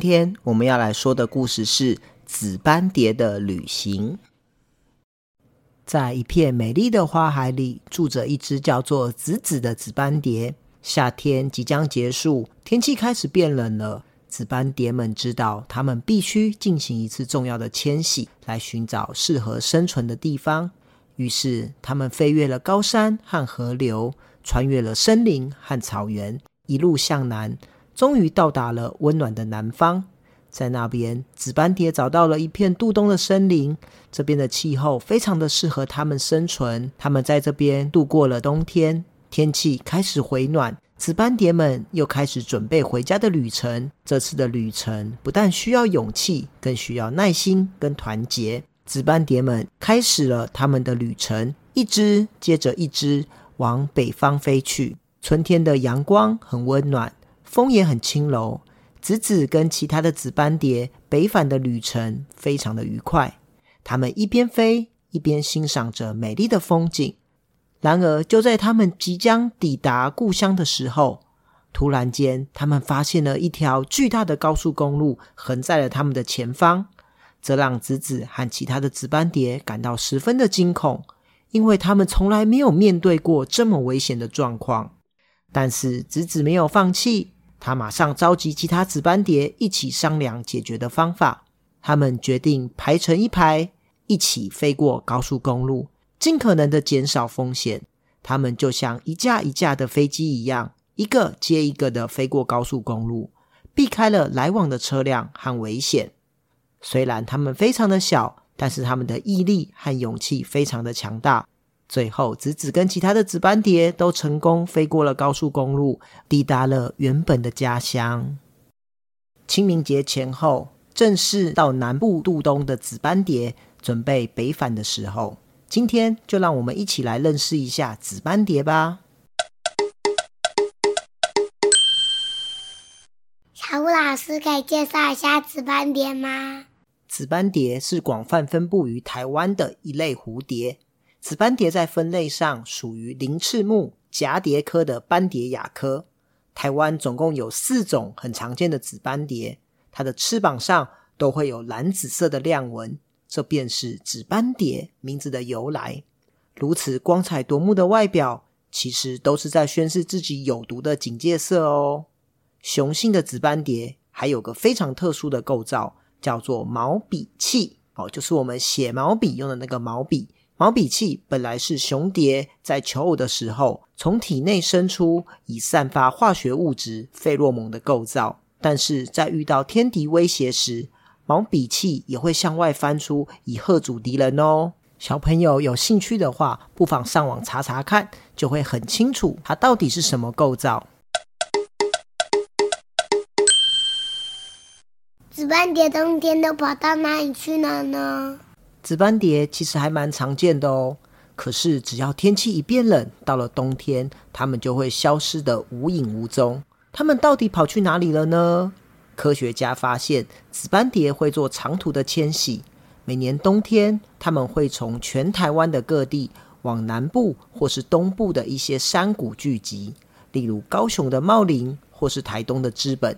今天我們要來說的故事是《紫斑蝶的旅行》。在一片美麗的花海裡，住着一隻叫做紫紫的紫斑蝶。夏天即將結束，天氣開始變冷了。紫斑蝶們知道，它們必須進行一次重要的遷徙，來尋找適合生存的地方。於是，它們飛越了高山和河流，穿越了森林和草原，一路向南。終於到達了溫暖的南方，在那邊，紫斑蝶找到了一片度冬的森林。這邊的氣候非常的適合它們生存，它們在這邊度過了冬天。天氣開始回暖，紫斑蝶們又開始準備回家的旅程。這次的旅程不但需要勇氣，更需要耐心跟團結。紫斑蝶們開始了他們的旅程，一隻接着一隻往北方飛去。春天的陽光很溫暖。風也很輕柔，子子跟其他的紫斑蝶北返的旅程非常的愉快。他們一邊飛一邊欣賞着美麗的風景。然而，就在他們即將抵達故鄉的時候，突然間，他們發現了一條巨大的高速公路橫在了他們的前方，這讓子子和其他的紫斑蝶感到十分的驚恐，因為他們從來沒有面對過這麼危險的狀況。但是，子子沒有放棄。他馬上召集其他紫斑蝶一起商量解決的方法。他們決定排成一排，一起飛過高速公路，盡可能的減少風險。他們就像一架一架的飛機一樣，一個接一個的飛過高速公路，避開了來往的車輛和危險。雖然他們非常的小，但是他們的毅力和勇氣非常的強大。最後，紫紫跟其他的紫斑蝶都成功飛過了高速公路，抵達了原本的家鄉。清明節前後，正是到南部度冬的紫斑蝶準備北返的時候。今天就讓我們一起來認識一下紫斑蝶吧。小虎老師可以介紹一下紫斑蝶嗎？紫斑蝶是廣泛分布於台灣的一類蝴蝶。紫斑蝶在分類上屬於鱗翅目蛺蝶科的斑蝶亞科。台灣總共有四種很常見的紫斑蝶，它的翅膀上都會有藍紫色的亮紋，這便是紫斑蝶名字的由來。如此光彩奪目的外表，其實都是在宣示自己有毒的警戒色哦。雄性的紫斑蝶還有個非常特殊的構造，叫做毛筆器哦，就是我們寫毛筆用的那個毛筆。毛筆器本來是雄蝶在求偶的時候，從體內生出以散發化學物質費洛蒙的構造，但是在遇到天敵威脅時，毛筆器也會向外翻出以嚇阻敵人哦。小朋友有興趣的話，不妨上網查查看，就會很清楚它到底是什麼構造。紫斑蝶冬天都跑到哪裡去了呢？紫斑蝶其實還蠻常見的哦，可是只要天氣一變冷，到了冬天，它們就會消失得無影無蹤。它們到底跑去哪裡了呢？科學家發現，紫斑蝶會做長途的遷徙，每年冬天，它們會從全台灣的各地往南部或是東部的一些山谷聚集，例如高雄的茂林或是台東的知本，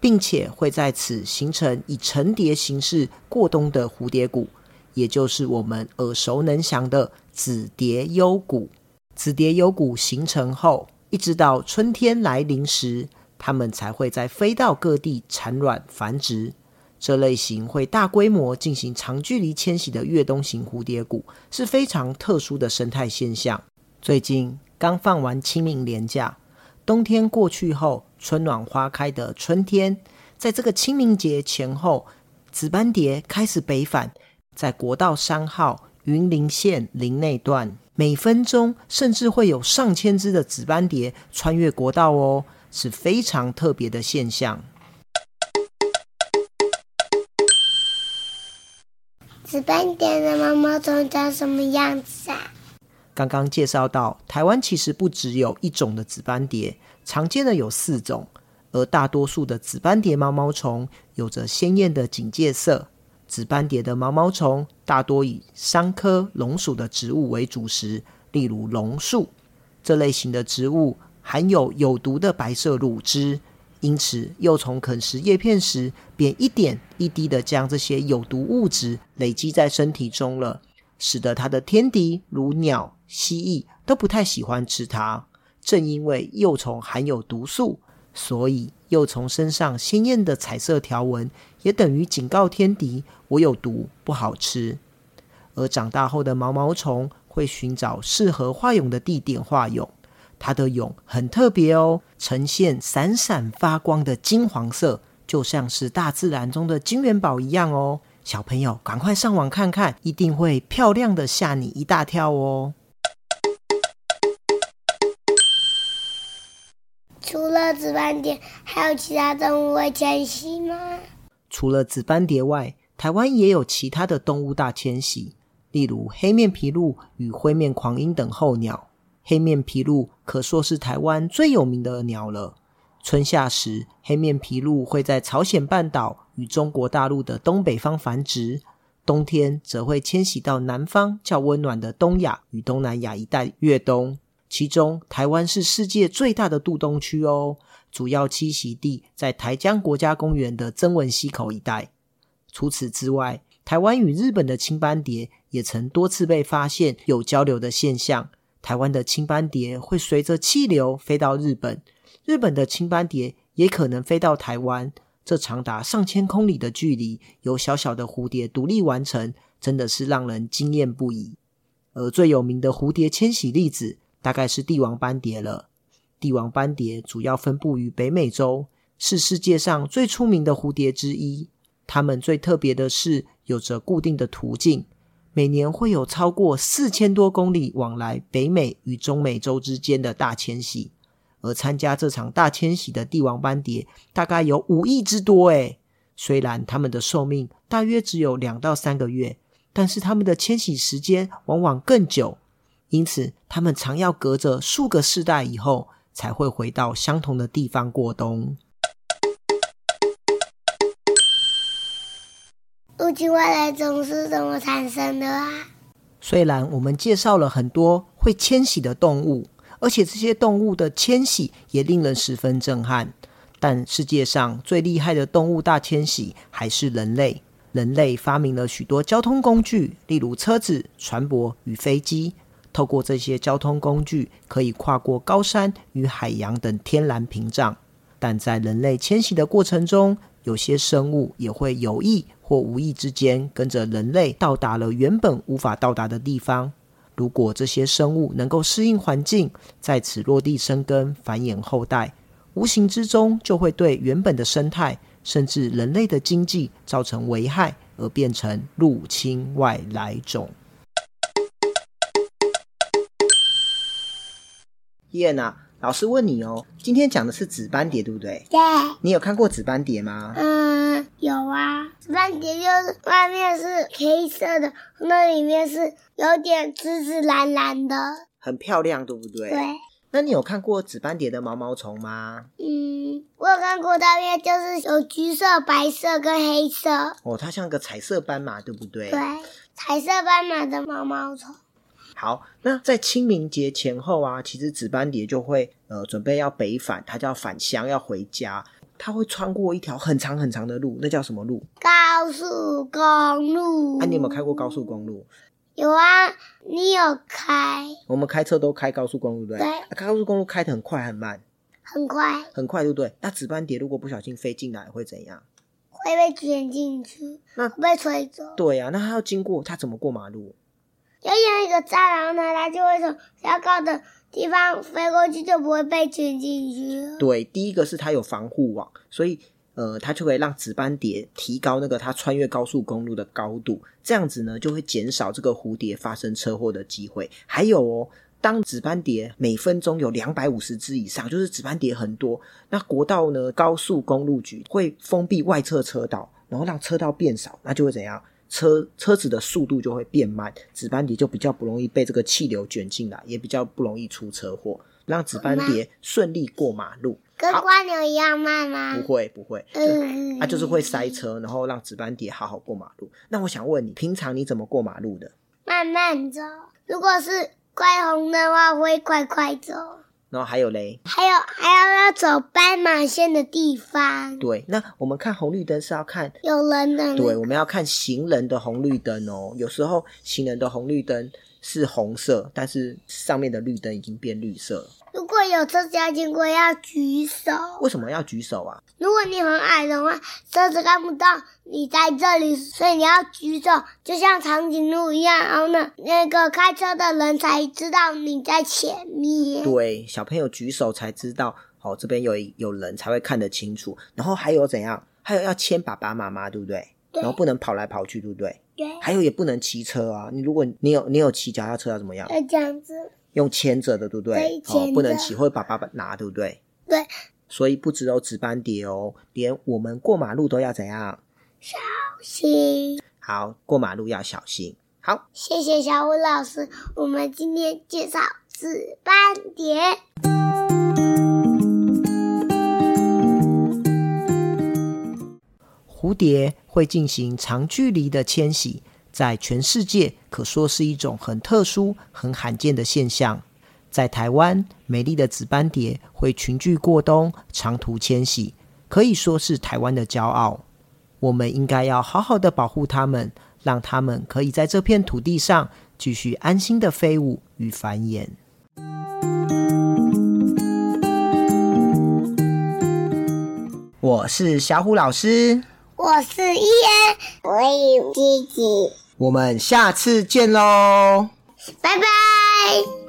並且會在此形成以成蝶形式過冬的蝴蝶谷。也就是我們耳熟能詳的紫蝶幽谷。紫蝶幽谷形成後，一直到春天來臨時，它們才會再飛到各地產卵繁殖。這類型會大規模進行長距離遷徙的越冬型蝴蝶谷是非常特殊的生態現象。最近剛放完清明連假，冬天過去後，春暖花開的春天，在這個清明節前後，紫斑蝶蝶開始北返。在國道三號雲林縣林內段，每分鐘甚至會有上千只的紫斑蝶穿越國道哦，是非常特別的現象。紫斑蝶的毛毛蟲長什麼樣子啊？剛剛介紹到，台灣其實不只有一種的紫斑蝶，常見的有四種，而大多數的紫斑蝶毛毛蟲有着鮮豔的警戒色。紫斑蝶的毛毛蟲大多以桑科榕屬的植物為主食，例如榕樹。這類型的植物含有有毒的白色乳汁，因此幼蟲啃食葉片時，便一點一滴的將這些有毒物質累積在身體中了，使得它的天敵如鳥、蜥蜴都不太喜歡吃它。正因為幼蟲含有毒素，所以幼蟲身上鮮豔的彩色條紋，也等於警告天敵，我有毒，不好吃。而長大後的毛毛蟲會尋找適合化蛹的地點化蛹，它的蛹很特別哦，呈現閃閃發光的金黃色，就像是大自然中的金元寶一樣哦。小朋友，趕快上網看看，一定會漂亮的嚇你一大跳哦。除了紫斑蝶，還有其他動物會遷徙嗎？除了紫斑蝶外，台灣也有其他的動物大遷徙，例如黑面琵鷺與灰面鵟鷹等候鳥。黑面琵鷺可說是台灣最有名的鳥了。春夏時，黑面琵鷺會在朝鮮半島與中國大陸的東北方繁殖，冬天則會遷徙到南方較溫暖的東亞與東南亞一帶越冬。其中，台灣是世界最大的渡冬區哦。主要棲息地在台江國家公園，的曾文溪口一帶。除此之外，台灣與日本的青斑蝶也曾多次被發現有交流的現象。台灣的青斑蝶會隨着氣流飛到日本，日本的青斑蝶也可能飛到台灣。這長達上千公里的距離，由小小的蝴蝶獨立完成，真的是讓人驚艷不已。而最有名的蝴蝶遷徙例子，大概是帝王斑蝶了。帝王斑蝶主要分布於北美洲，是世界上最出名的蝴蝶之一。它們最特別的是，有着固定的途徑，每年會有超過四千多公里往來北美與中美洲之間的大遷徙。而參加這場大遷徙的帝王斑蝶，大概有五億之多誒。雖然它們的壽命大約只有兩到三個月，但是它們的遷徙時間往往更久，因此它們常要隔着數個世代以後。才會回到相同的地方過冬。陸地外來種是怎麼產生的啊？雖然我們介紹了很多會遷徙的動物，而且這些動物的遷徙也令人十分震撼，但世界上最厲害的動物大遷徙還是人類。人類發明了許多交通工具，例如車子、船舶與飛機。透過這些交通工具，可以跨過高山與海洋等天然屏障。但在人類遷徙的過程中，有些生物也會有意或無意之間跟着人類到達了原本無法到達的地方。如果這些生物能夠適應環境，在此落地生根、繁衍後代，無形之中就會對原本的生態，甚至人類的經濟造成危害，而變成入侵外來種。燕呢、啊？老師問你哦，今天講的是紫斑蝶，對不對？對。你有看過紫斑蝶嗎？嗯，有啊。紫斑蝶就是外面是黑色的，那裡面是有點紫紫藍藍的，很漂亮，對不對？對。那你有看過紫斑蝶的毛毛蟲嗎？嗯，我有看過，外面就是有橘色、白色跟黑色。哦，它像個彩色斑馬，對不對？對，彩色斑馬的毛毛蟲。好，那在清明節前後啊，其實紫斑蝶就會呃準備要北返，它就要返鄉，要回家。它會穿過一條很長很長的路，那叫什麼路？高速公路。哎、啊，你有沒有開過高速公路？有啊，你有開。我們開車都開高速公路，對不對？開、啊、高速公路開得很快很慢。很快。很快，對不對？那紫斑蝶如果不小心飛進來，會怎樣？會被捲進去，會被吹走。對啊，那它要經過，它怎麼過馬路？要用一個柵欄呢，它就會從較高的地方飛過去，就不會被捲進去了。對，第一個是它有防護網，所以呃，它就可以讓紫斑蝶提高那個它穿越高速公路的高度，這樣子呢就會減少這個蝴蝶發生車禍的機會。還有哦，當紫斑蝶每分鐘有兩百五十隻以上，就是紫斑蝶很多，那國道呢，高速公路局會封閉外側車道，然後讓車道變少，那就會怎樣？車車子的速度就會變慢，紫斑蝶就比較不容易被這個氣流捲進來，也比較不容易出車禍，讓紫斑蝶順利過馬路。嗯、跟蝸牛一樣慢嗎？不會不會，嗯嗯，啊就是會塞車，然後讓紫斑蝶好好過馬路。那我想問你，平常你怎麼過馬路的？慢慢走，如果是快紅的話，會快快走。然後還有嘞，還有還要要走斑馬線的地方。對，那我們看紅綠燈是要看有人的，那個。對，我們要看行人的紅綠燈哦。有時候行人的紅綠燈是紅色，但是上面的綠燈已經變綠色了。如果有車子要經過，要舉手。為什麼要舉手啊？如果你很矮的話，車子看不到你在這裡，所以你要舉手，就像長頸鹿一樣。然後呢，那個開車的人才知道你在前面。對，小朋友舉手才知道哦，這邊有有人才會看得清楚。然後還有怎樣？還有要牽爸爸媽媽，對不對？對。然後不能跑來跑去，對不對？對。還有也不能騎車啊！你如果你有你有騎腳踏車要怎麼樣？要這樣子。用牽着的，對不對？對哦，不能騎，會把爸爸拿，對不對？對。所以，不只有紫斑蝶哦，連我們過馬路都要怎樣？小心。好，過馬路要小心。好，謝謝小虎老師，我們今天介紹紫斑蝶。蝴蝶會進行長距離的遷徙，在全世界。可說是一種很特殊、很罕見的現象。在台灣，美麗的紫斑蝶會群聚過冬、長途遷徙，可以說是台灣的驕傲。我們應該要好好的保護它們，讓它們可以在這片土地上繼續安心的飛舞與繁衍。我是小虎老師，我是伊恩，我有弟弟。我們下次見嘍，拜拜。